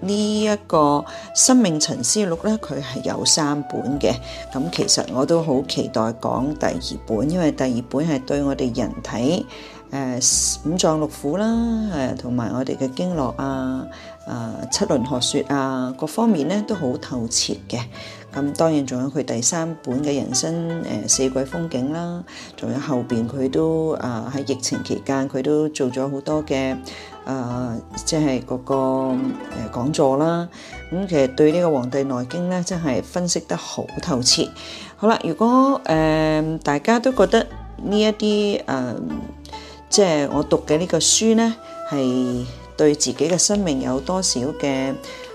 呢一、這個生命沉思錄咧，佢係有三本嘅。咁其實我都好期待講第二本，因為第二本係對我哋人體誒、呃、五臟六腑啦，誒同埋我哋嘅經絡啊、誒七輪學説啊，各方面咧都好透徹嘅。咁、嗯、當然仲有佢第三本嘅人生誒、呃、四季風景啦，仲有後邊佢都啊喺、呃、疫情期間佢都做咗好多嘅誒，即係嗰個誒講、呃、座啦。咁、嗯、其實對呢個《黃帝內經》咧，真係分析得好透徹。好啦，如果誒、呃、大家都覺得呢一啲誒，即、呃、係、就是、我讀嘅呢個書咧，係對自己嘅生命有多少嘅？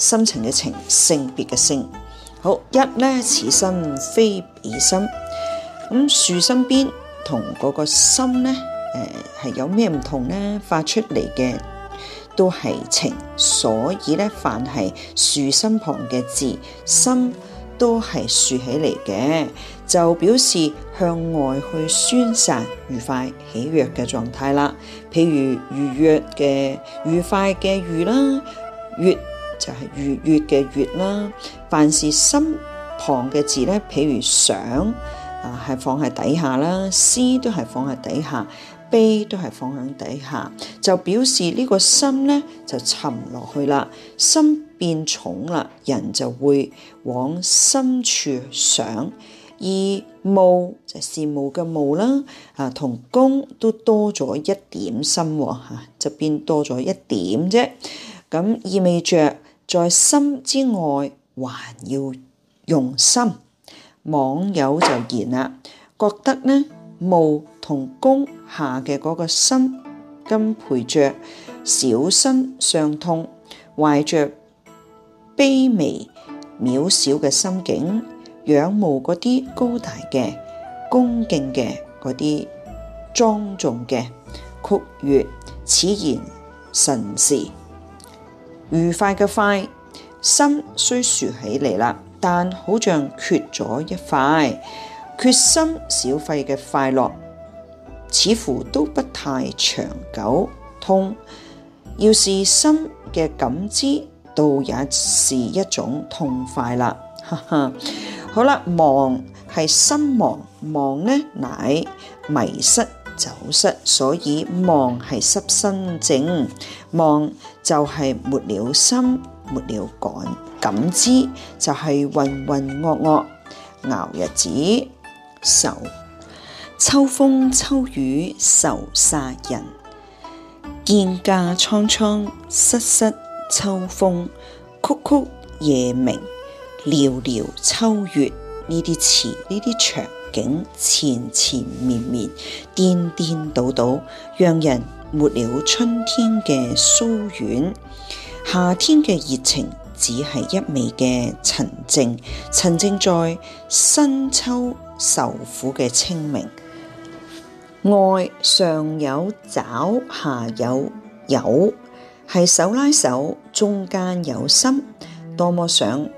心情嘅情，性別嘅性，好一咧，此心非彼心。咁、嗯、豎心邊同嗰個心咧，誒、呃、係有咩唔同咧？發出嚟嘅都係情，所以咧，凡係豎心旁嘅字，心都係豎起嚟嘅，就表示向外去宣散愉快喜悅嘅狀態啦。譬如愉悅嘅愉快嘅愉啦，月。就係月月嘅月啦，凡是心旁嘅字咧，譬如想啊，係放喺底下啦，思都係放喺底下，悲都係放喺底下，就表示呢個心咧就沉落去啦，心變重啦，人就會往深處想。而慕就係羨慕嘅慕啦，啊同工都多咗一點心吓，就變多咗一點啫，咁意味著。在心之外，還要用心。網友就言啦，覺得呢，慕同恭下嘅嗰個心，跟陪着小身相通，懷着卑微渺小嘅心境，仰慕嗰啲高大嘅、恭敬嘅、嗰啲莊重嘅曲越，此言甚是。愉快嘅快，心雖舒起嚟啦，但好像缺咗一塊，缺心小肺嘅快樂，似乎都不太長久。痛，要是心嘅感知，倒也是一種痛快啦。哈哈，好啦，忙，係心亡，忙呢乃迷失。走失，所以忘係失身淨，忘就係沒了心，沒了感，感知就係渾渾噩噩熬日子，愁秋風秋雨愁煞人，蒹葭蒼蒼失失秋風曲曲夜明，寥寥秋月呢啲詞，呢啲長。景纏纏綿綿，顛顛倒倒，讓人沒了春天嘅酥軟，夏天嘅熱情，只係一味嘅沉靜。沉靜在深秋愁苦嘅清明，愛上有爪，下有友，係手拉手，中間有心，多麼想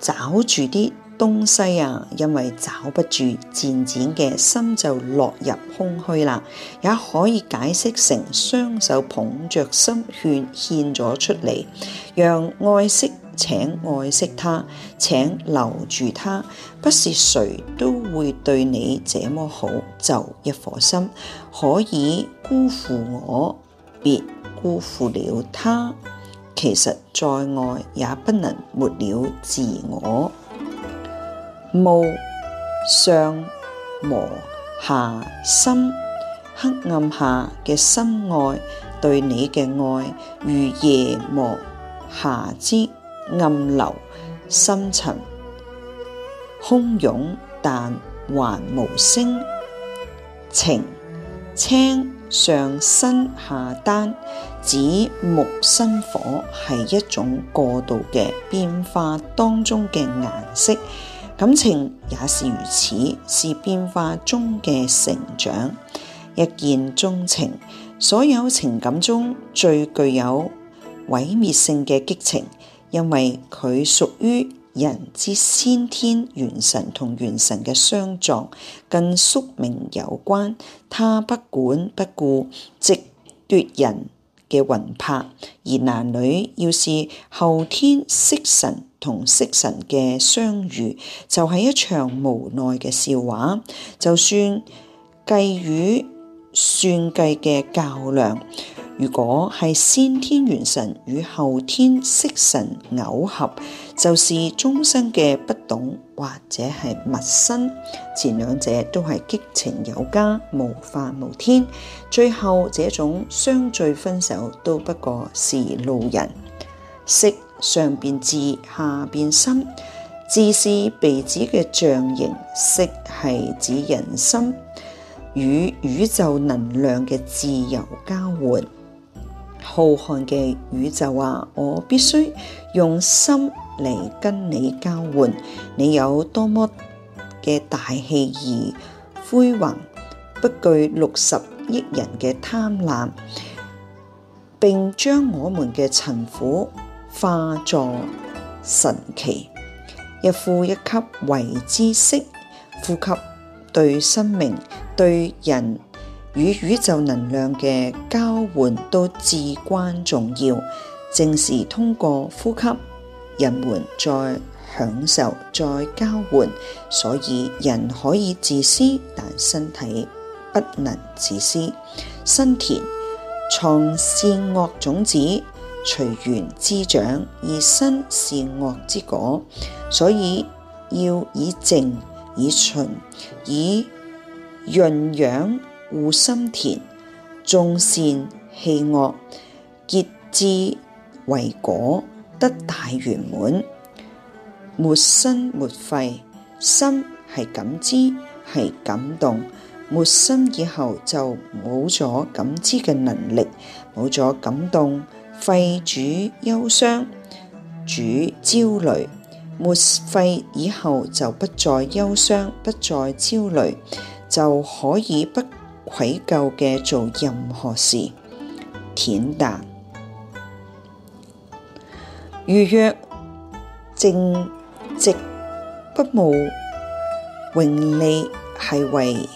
抓住啲。東西啊，因為找不住，漸漸嘅心就落入空虛啦。也可以解釋成雙手捧着心，勸獻咗出嚟，讓愛惜，請愛惜他，請留住他。不是誰都會對你這麼好，就一顆心可以辜負我，別辜負了他。其實再愛也不能沒了自我。慕上莫下心，黑暗下嘅心愛對你嘅愛，如夜幕下之暗流深沉洶湧，但還無聲。情，青上生下丹，指木生火，係一種過渡嘅變化當中嘅顏色。感情也是如此，是變化中嘅成長。一見鍾情，所有情感中最具有毀滅性嘅激情，因為佢屬於人之先天元神同元神嘅相撞，跟宿命有關。他不管不顧，直奪人嘅魂魄，而男女要是後天識神同識神嘅相遇，就係、是、一場無奈嘅笑話，就算計與算計嘅較量，如果係先天元神與後天識神偶合，就是終生嘅不懂。或者係陌生，前兩者都係激情有加，無法無天。最後這種相聚分手都不過是路人。息上邊自下邊心，自是鼻子嘅象形，息係指人心與宇宙能量嘅自由交換。浩瀚嘅宇宙話，我必須用心嚟跟你交換，你有多麼嘅大氣而輝煌，不懼六十億人嘅貪婪，並將我們嘅塵苦化作神奇。一呼一吸為之息，呼吸對生命、對人與宇宙能量嘅交換都至關重要。正是通過呼吸。人們在享受，在交換，所以人可以自私，但身體不能自私。心田藏善惡種子，隨緣滋長，而生善惡之果。所以要以靜，以純，以潤養護心田，種善棄惡，結智為果。得大圓滿，沒心沒肺，心係感知係感動，沒心以後就冇咗感知嘅能力，冇咗感動，肺主憂傷，主焦慮，沒肺以後就不再憂傷，不再焦慮，就可以不愧疚嘅做任何事，恬淡。如曰：「正直不慕榮利是，係為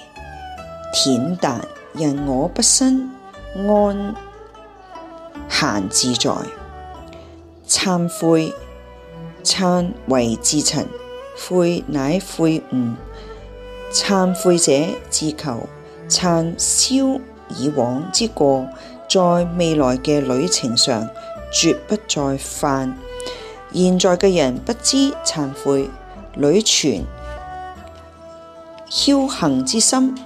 恬淡，人我不生安閒自在。懺悔，懺為自陳，悔乃悔悟。懺悔者自求懺消以往之過，在未來嘅旅程上。絕不再犯。現在嘅人不知懺悔，屢存僥倖之心，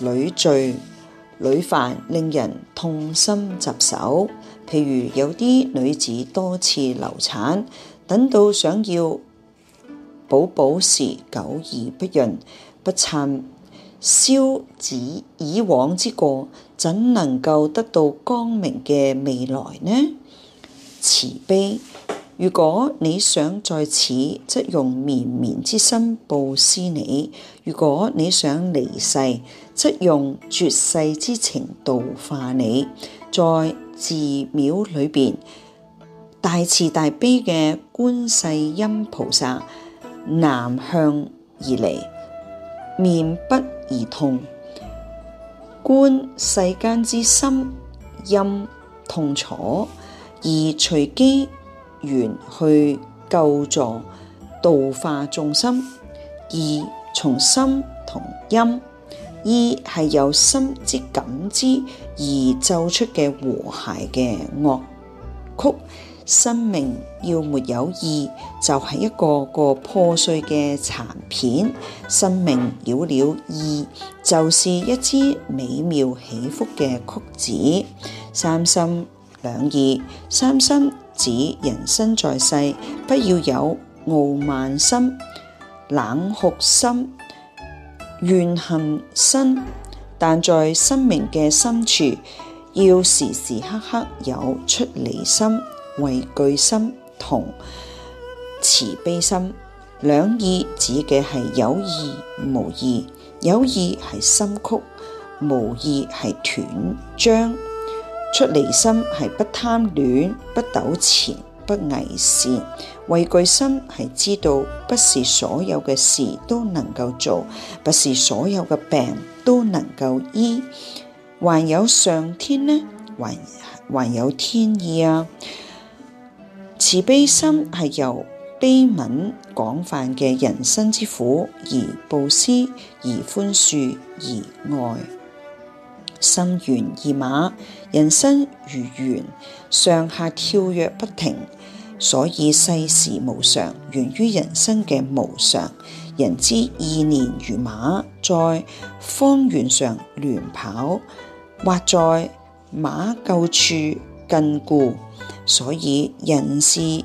屢罪、屢犯，令人痛心疾首。譬如有啲女子多次流產，等到想要寶寶時，久而不孕，不懺消止以往之過，怎能夠得到光明嘅未來呢？慈悲，如果你想在此，則用綿綿之心布施你；如果你想離世，則用絕世之情度化你。在寺廟裏邊，大慈大悲嘅觀世音菩薩南向而嚟，面不而痛，觀世間之心，陰痛楚。而隨機緣去救助、度化眾生，二從心同音，二係由心之感知而奏出嘅和諧嘅樂曲。生命要沒有二，就係、是、一個個破碎嘅殘片；生命有了二，就是一支美妙起伏嘅曲子。三心。兩意三心指人生在世，不要有傲慢心、冷酷心、怨恨心，但在生命嘅深處，要時時刻刻有出離心、畏懼心同慈悲心。兩意指嘅係有意無意，有意係心曲，無意係斷章。出離心係不貪戀、不糾纏、不偽善；畏懼心係知道不是所有嘅事都能夠做，不是所有嘅病都能夠醫；還有上天呢？還還有天意啊！慈悲心係由悲憫廣泛嘅人生之苦而布施，而寬恕，而愛。心猿意馬。人生如猿，上下跳躍不停，所以世事無常，源於人生嘅無常。人之意念如馬，在荒原上亂跑，或在馬廄處禁錮，所以人是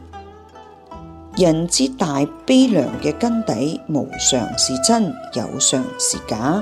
人之大悲涼嘅根底。無常是真，有常是假。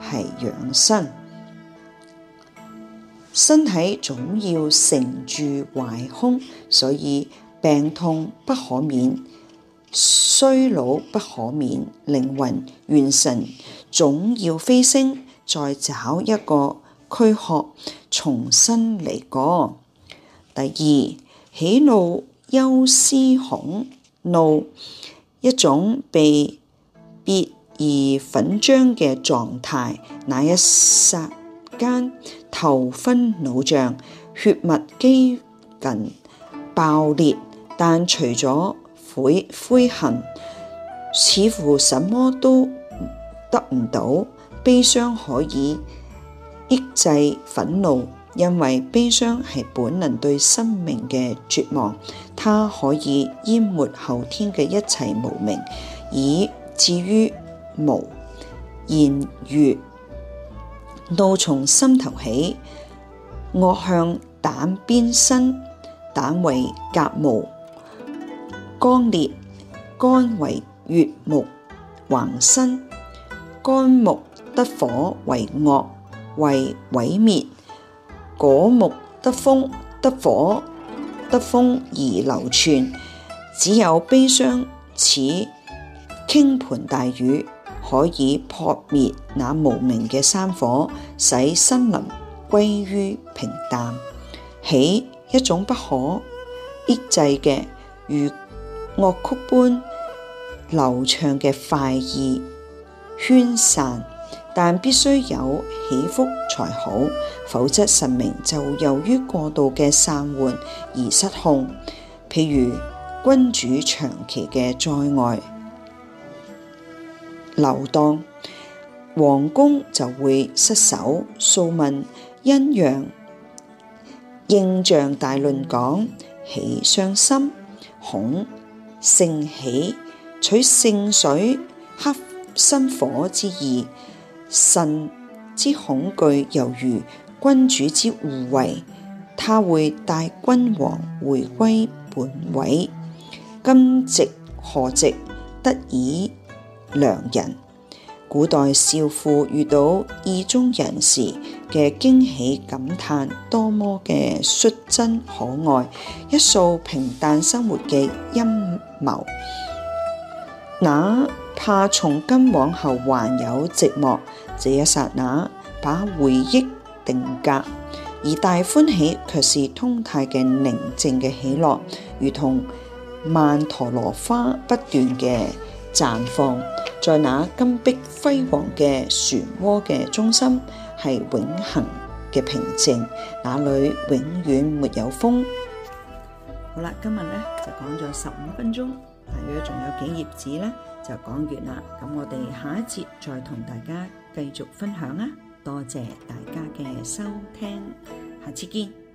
係養生，身體總要成住壞空，所以病痛不可免，衰老不可免。靈魂元神，總要飛升，再找一個軀殼重新嚟過。第二，喜怒憂思恐怒，一種被別。而憤張嘅狀態，那一剎間頭昏腦脹，血脈幾近爆裂，但除咗悔悔恨，似乎什麼都得唔到。悲傷可以抑制憤怒，因為悲傷係本能對生命嘅絕望，它可以淹沒後天嘅一切無名，以至於。無言月怒從心頭起，惡向膽邊生。膽為甲木，剛烈；肝為乙木，橫生。肝木得火為惡，為毀滅；果木得風得火得風而流傳。只有悲傷似傾盆大雨。可以撲滅那無名嘅山火，使森林歸於平淡。起一種不可抑制嘅如樂曲般流暢嘅快意，宣散，但必須有起伏才好，否則神明就由於過度嘅散緩而失控。譬如君主長期嘅在外。流蕩，王宮就會失守。素問陰陽應象大論講：喜傷心，恐勝喜，取腎水克心火之意。腎之恐懼猶如君主之護衛，他會帶君王回歸本位。今夕何夕得，得以？良人，古代少婦遇到意中人時嘅驚喜感嘆，多麼嘅率真可愛！一掃平淡生活嘅陰謀，哪怕從今往後還有寂寞，這一剎那把回憶定格，而大歡喜卻是通泰嘅寧靜嘅喜樂，如同曼陀羅花不斷嘅。綻放在那金碧輝煌嘅漩渦嘅中心。係永恒嘅平靜，那裏永遠沒有風。好啦，今日咧就講咗十五分鐘，大約仲有幾頁紙咧就講完啦。咁我哋下一節再同大家繼續分享啦。多謝大家嘅收聽，下次見。